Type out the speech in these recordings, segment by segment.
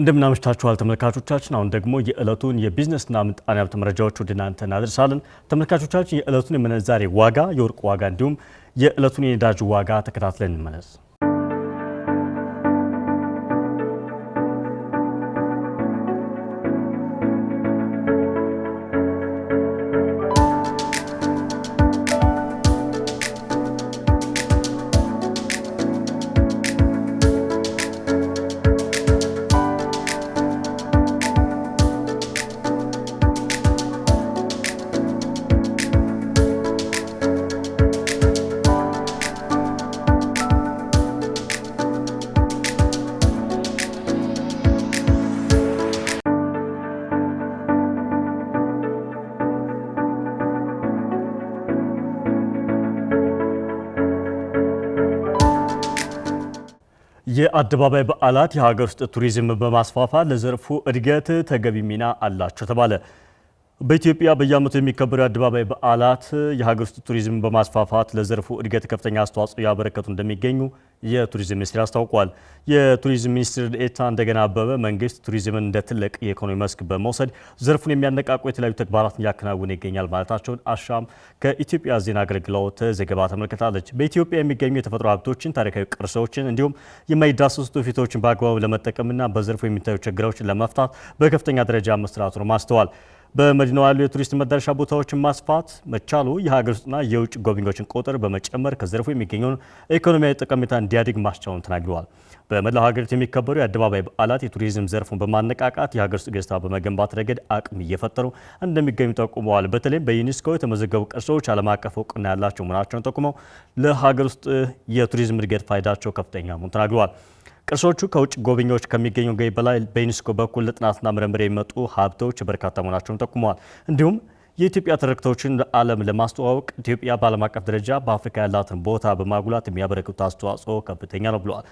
እንደምናመሽታችኋል ተመልካቾቻችን። አሁን ደግሞ የዕለቱን የቢዝነስና ምጣኔ ሀብት መረጃዎች ወደ እናንተ እናደርሳለን። ተመልካቾቻችን የዕለቱን የምንዛሬ ዋጋ፣ የወርቅ ዋጋ እንዲሁም የዕለቱን የነዳጅ ዋጋ ተከታትለን እንመለስ። የአደባባይ በዓላት የሀገር ውስጥ ቱሪዝም በማስፋፋት ለዘርፉ እድገት ተገቢ ሚና አላቸው ተባለ። በኢትዮጵያ በየዓመቱ የሚከበሩ የአደባባይ በዓላት የሀገር ውስጥ ቱሪዝም በማስፋፋት ለዘርፉ እድገት ከፍተኛ አስተዋጽኦ ያበረከቱ እንደሚገኙ የቱሪዝም ሚኒስቴር አስታውቋል። የቱሪዝም ሚኒስትር ዴኤታ እንደገና አበበ መንግስት ቱሪዝምን እንደ ትልቅ የኢኮኖሚ መስክ በመውሰድ ዘርፉን የሚያነቃቁ የተለያዩ ተግባራትን እያከናወነ ይገኛል ማለታቸውን አሻም ከኢትዮጵያ ዜና አገልግሎት ዘገባ ተመልክታለች። በኢትዮጵያ የሚገኙ የተፈጥሮ ሀብቶችን፣ ታሪካዊ ቅርሶችን እንዲሁም የማይዳሰሱ ትውፊቶችን በአግባቡ ለመጠቀምና በዘርፉ የሚታዩ ችግሮችን ለመፍታት በከፍተኛ ደረጃ መስራቱን ማስተዋል በመዲናዋ ያሉ የቱሪስት መዳረሻ ቦታዎችን ማስፋት መቻሉ የሀገር ውስጥና የውጭ ጎብኚዎችን ቁጥር በመጨመር ከዘርፉ የሚገኘውን ኢኮኖሚያዊ ጠቀሜታ እንዲያድግ ማስቻሉን ተናግረዋል። በመላው ሀገሪቱ የሚከበሩ የአደባባይ በዓላት የቱሪዝም ዘርፉን በማነቃቃት የሀገር ውስጥ ገጽታ በመገንባት ረገድ አቅም እየፈጠሩ እንደሚገኙ ጠቁመዋል። በተለይም በዩኔስኮ የተመዘገቡ ቅርሶች ዓለም አቀፍ እውቅና ያላቸው መሆናቸውን ጠቁመው ለሀገር ውስጥ የቱሪዝም እድገት ፋይዳቸው ከፍተኛ መሆኑን ተናግረዋል። ቅርሶቹ ከውጭ ጎብኚዎች ከሚገኙ ገቢ በላይ በዩኔስኮ በኩል ለጥናትና ምርምር የሚመጡ ሀብቶች በርካታ መሆናቸውን ጠቁመዋል። እንዲሁም የኢትዮጵያ ትርክቶችን ለዓለም ለማስተዋወቅ ኢትዮጵያ በዓለም አቀፍ ደረጃ በአፍሪካ ያላትን ቦታ በማጉላት የሚያበረክቱት አስተዋጽኦ ከፍተኛ ነው ብለዋል።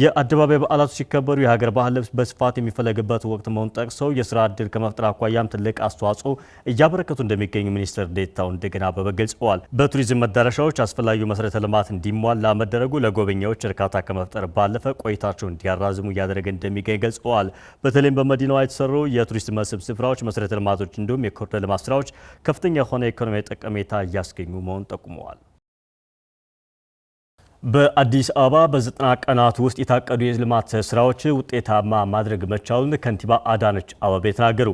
የአደባባይ በዓላቱ ሲከበሩ የሀገር ባህል ልብስ በስፋት የሚፈለግበት ወቅት መሆን ጠቅሰው የስራ እድል ከመፍጠር አኳያም ትልቅ አስተዋጽኦ እያበረከቱ እንደሚገኙ ሚኒስትር ዴታው እንደገና አበበ ገልጸዋል። በቱሪዝም መዳረሻዎች አስፈላጊው መሰረተ ልማት እንዲሟላ መደረጉ ለጎበኛዎች እርካታ ከመፍጠር ባለፈ ቆይታቸው እንዲያራዝሙ እያደረገ እንደሚገኝ ገልጸዋል። በተለይም በመዲናዋ የተሰሩ የቱሪስት መስህብ ስፍራዎች፣ መሰረተ ልማቶች እንዲሁም የኮሪደር ልማት ስራዎች ከፍተኛ የሆነ የኢኮኖሚያዊ ጠቀሜታ እያስገኙ መሆን ጠቁመዋል። በአዲስ አበባ በዘጠና ቀናት ውስጥ የታቀዱ የልማት ስራዎች ውጤታማ ማድረግ መቻሉን ከንቲባ አዳነች አበቤ ተናገሩ።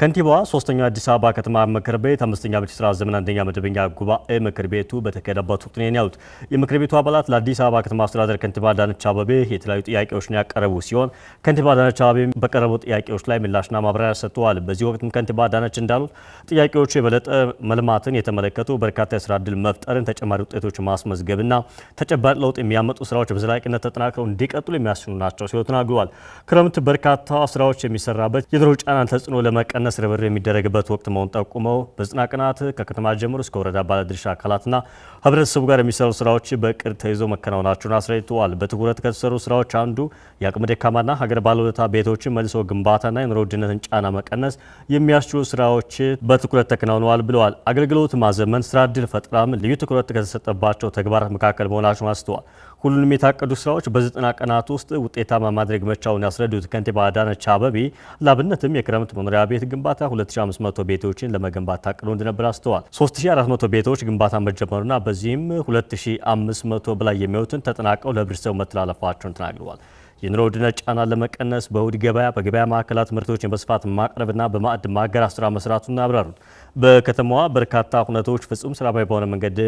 ከንቲባዋ ሶስተኛው አዲስ አበባ ከተማ ምክር ቤት አምስተኛ በጀት ስራ ዘመን አንደኛ መደበኛ ጉባኤ ምክር ቤቱ በተካሄደበት ወቅት ነው ያሉት። የምክር ቤቱ አባላት ለአዲስ አበባ ከተማ አስተዳደር ከንቲባ አዳነች አበቤ የተለያዩ ጥያቄዎችን ያቀረቡ ሲሆን ከንቲባ አዳነች አበቤ በቀረቡ ጥያቄዎች ላይ ምላሽና ማብራሪያ ሰጥተዋል። በዚህ ወቅትም ከንቲባ አዳነች እንዳሉት ጥያቄዎቹ የበለጠ መልማትን የተመለከቱ በርካታ የስራ እድል መፍጠርን፣ ተጨማሪ ውጤቶች ማስመዝገብና ተጨባጭ ለውጥ የሚያመጡ ስራዎች በዘላቂነት ተጠናክረው እንዲቀጥሉ የሚያስችሉ ናቸው ሲሉ ተናግረዋል። ክረምት በርካታ ስራዎች የሚሰራበት የድሮ ጫናን ተጽዕኖ ለመቀነስ ቀነስ ርብርብ የሚደረግበት ወቅት መሆን ጠቁመው በጽና ቅናት ከከተማ ጀምሮ እስከ ወረዳ ባለድርሻ አካላትና ህብረተሰቡ ጋር የሚሰሩ ስራዎች በቅር ተይዞ መከናወናቸውን አስረድተዋል። በትኩረት ከተሰሩ ስራዎች አንዱ የአቅመ ደካማና ሀገር ባለውለታ ቤቶችን መልሶ ግንባታና የኑሮ ውድነትን ጫና መቀነስ የሚያስችሉ ስራዎች በትኩረት ተከናውነዋል ብለዋል። አገልግሎት ማዘመን፣ ስራ እድል ፈጠራም ልዩ ትኩረት ከተሰጠባቸው ተግባራት መካከል መሆናቸውን አስተዋል። ሁሉንም የታቀዱ ስራዎች በዘጠና ቀናት ውስጥ ውጤታማ ማድረግ መቻውን ያስረዱት ከንቲባ አዳነች አበቤ ላብነትም የክረምት መኖሪያ ቤት ግንባታ 2500 ቤቶችን ለመገንባት ታቅዶ እንደነበር አስተዋል። 3400 ቤቶች ግንባታ መጀመሩና በዚህም 2500 በላይ የሚሆኑትን ተጠናቀው ለህብረተሰቡ መተላለፋቸውን ተናግረዋል። የኑሮ ውድነት ጫና ለመቀነስ በእሁድ ገበያ በገበያ ማዕከላት ምርቶችን በስፋት ማቅረብና በማዕድ ማገር ስራ መስራቱን አብራሩት። በከተማዋ በርካታ ሁነቶች ፍጹም ሰላማዊ በሆነ መንገድ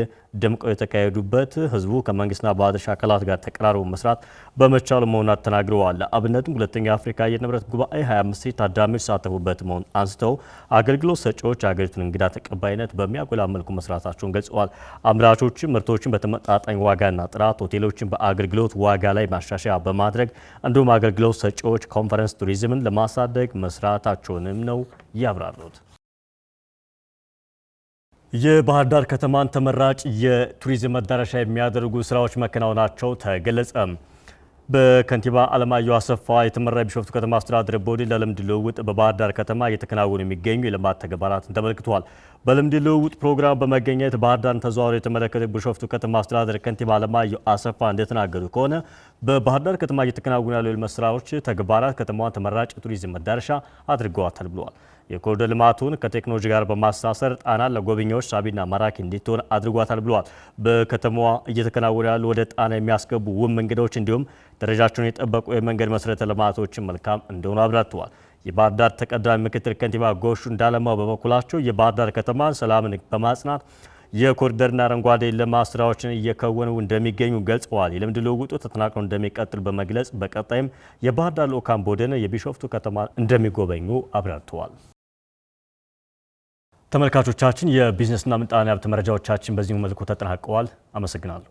ደምቀው የተካሄዱበት ህዝቡ ከመንግስትና ባለድርሻ አካላት ጋር ተቀራርቦ መስራት በመቻሉ መሆኑን ተናግረዋል። አብነትም ሁለተኛ የአፍሪካ አየር ንብረት ጉባኤ 25 ታዳሚዎች ሳተፉበት መሆኑን አንስተው አገልግሎት ሰጪዎች የአገሪቱን እንግዳ ተቀባይነት በሚያጎላ መልኩ መስራታቸውን ገልጸዋል። አምራቾችም ምርቶችን በተመጣጣኝ ዋጋና ጥራት፣ ሆቴሎችን በአገልግሎት ዋጋ ላይ ማሻሻያ በማድረግ እንዲሁም አገልግሎት ሰጪዎች ኮንፈረንስ ቱሪዝምን ለማሳደግ መስራታቸውንም ነው ያብራሩት። የባህር ዳር ከተማን ተመራጭ የቱሪዝም መዳረሻ የሚያደርጉ ስራዎች መከናወናቸው ተገለጸ። በከንቲባ አለማየሁ አሰፋ የተመራ ቢሾፍቱ ከተማ አስተዳደር ቦዲ ለልምድ ልውውጥ በባህር ዳር ከተማ እየተከናወኑ የሚገኙ የልማት ተግባራትን ተመልክተዋል። በልምድ ልውውጥ ፕሮግራም በመገኘት ባህር ዳርን ተዘዋሩ የተመለከተ ቢሾፍቱ ከተማ አስተዳደር ከንቲባ አለማየሁ አሰፋ እንደተናገሩ ከሆነ በባህር ዳር ከተማ እየተከናወኑ ያሉ የልማት ስራዎች ተግባራት ከተማዋን ተመራጭ የቱሪዝም መዳረሻ አድርገዋታል ብለዋል። የኮሪደር ልማቱን ከቴክኖሎጂ ጋር በማሳሰር ጣና ለጎብኚዎች ሳቢና ማራኪ እንዲትሆን አድርጓታል ብለዋል። በከተማዋ እየተከናወኑ ያሉ ወደ ጣና የሚያስገቡ ውብ መንገዶች እንዲሁም ደረጃቸውን የጠበቁ የመንገድ መሰረተ ልማቶችን መልካም እንደሆኑ አብራርተዋል። የባህር ዳር ተቀዳሚ ምክትል ከንቲባ ጎሹ እንዳለማው በበኩላቸው የባህር ዳር ከተማን ሰላምን በማጽናት የኮሪደርና አረንጓዴ ልማት ስራዎችን እየከወኑ እንደሚገኙ ገልጸዋል። የልምድ ልውውጡ ተጠናክሮ እንደሚቀጥል በመግለጽ በቀጣይም የባህር ዳር ልዑካን ቡድን የቢሾፍቱ ከተማ እንደሚጎበኙ አብራርተዋል። ተመልካቾቻችን የቢዝነስና ምጣኔ ሀብት መረጃዎቻችን በዚሁ መልኩ ተጠናቀዋል። አመሰግናለሁ።